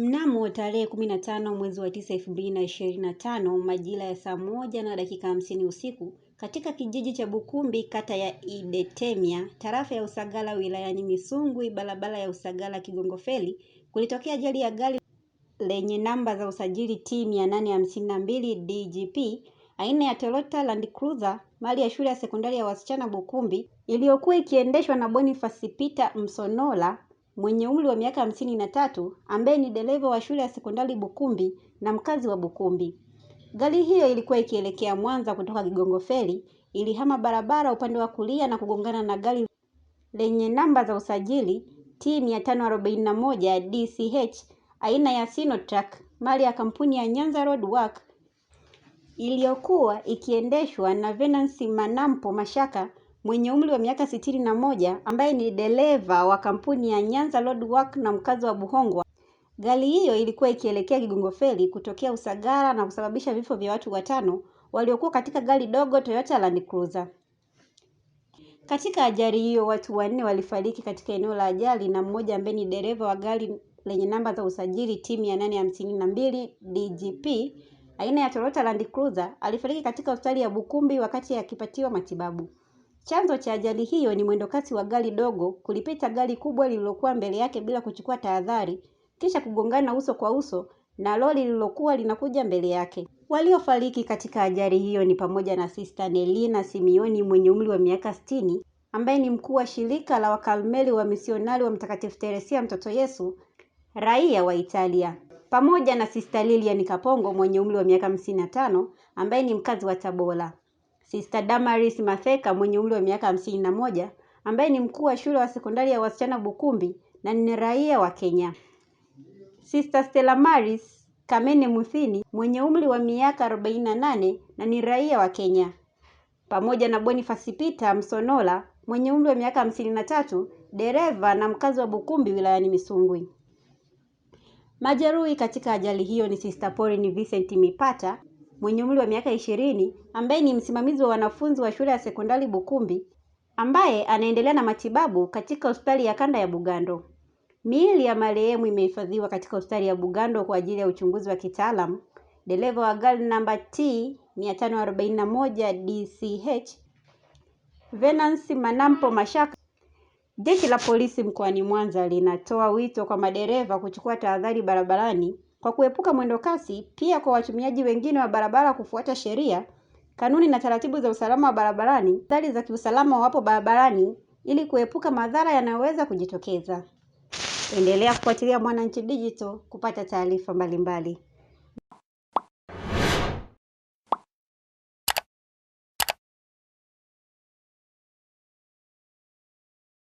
Mnamo tarehe 15 mwezi wa 9 2025 majira ya saa moja na dakika hamsini usiku katika kijiji cha Bukumbi kata ya idetemia tarafa ya Usagara wilayani Misungwi barabara ya Usagara Kigongo Feri kulitokea ajali ya gari lenye namba za usajili T 852 DGP aina ya Toyota Land Cruiser mali ya shule ya sekondari ya wasichana Bukumbi iliyokuwa ikiendeshwa na Boniface Peter Msonola mwenye umri wa miaka hamsini na tatu ambaye ni dereva wa shule ya sekondari Bukumbi na mkazi wa Bukumbi. Gari hiyo ilikuwa ikielekea Mwanza kutoka Kigongo Feri, ilihama barabara upande wa kulia na kugongana na gari lenye namba za usajili T 541 DCH aina ya Sinotrack mali ya kampuni ya Nyanza Road Work iliyokuwa ikiendeshwa na Venance Manampo Mashaka mwenye umri wa miaka sitini na moja ambaye ni dereva wa kampuni ya Nyanza Road Work na mkazi wa Buhongwa. Gari hiyo ilikuwa ikielekea Kigongo Ferry kutokea Usagara na kusababisha vifo vya watu watano waliokuwa katika gari dogo Toyota Land Cruiser. Katika ajali hiyo watu wanne walifariki katika eneo la ajali na mmoja ambaye ni dereva wa gari lenye namba za usajili timu ya nane hamsini na mbili DGP aina ya Toyota Land Cruiser alifariki katika hospitali ya Bukumbi wakati akipatiwa matibabu. Chanzo cha ajali hiyo ni mwendokasi wa gari dogo kulipita gari kubwa lililokuwa mbele yake bila kuchukua tahadhari, kisha kugongana uso kwa uso na lori lililokuwa linakuja mbele yake. Waliofariki katika ajali hiyo ni pamoja na Sista Nelina Simioni mwenye umri wa miaka sitini ambaye ni mkuu wa shirika la Wakarmeli wa misionari wa Mtakatifu Teresia mtoto Yesu, raia wa Italia, pamoja na Sista Lilian Kapongo mwenye umri wa miaka hamsini na tano ambaye ni mkazi wa Tabora. Sister Damaris Matheka mwenye umri wa miaka hamsini na moja ambaye ni mkuu wa shule wa sekondari ya wasichana Bukumbi na ni raia wa Kenya. Sister Stella Maris Kamene Muthini mwenye umri wa miaka 48 na ni raia wa Kenya, pamoja na Boniface Peter Msonola mwenye umri wa miaka hamsini na tatu dereva na mkazi wa Bukumbi wilayani Misungwi. Majeruhi katika ajali hiyo ni Sister Pauline Vincent Mipata mwenye umri wa miaka ishirini ambaye ni msimamizi wa wanafunzi wa shule ya sekondari Bukumbi ambaye anaendelea na matibabu katika hospitali ya kanda ya Bugando. Miili ya marehemu imehifadhiwa katika hospitali ya Bugando kwa ajili ya uchunguzi wa kitaalamu. Dereva wa gari namba T 541 DCH Venance Manampo Mashaka. Jeshi la polisi mkoani Mwanza linatoa wito kwa madereva kuchukua tahadhari barabarani kwa kuepuka mwendo kasi, pia kwa watumiaji wengine wa barabara kufuata sheria, kanuni na taratibu za usalama wa barabarani, athari za kiusalama wapo barabarani ili kuepuka madhara yanayoweza kujitokeza. Endelea kufuatilia Mwananchi Digital kupata taarifa mbalimbali.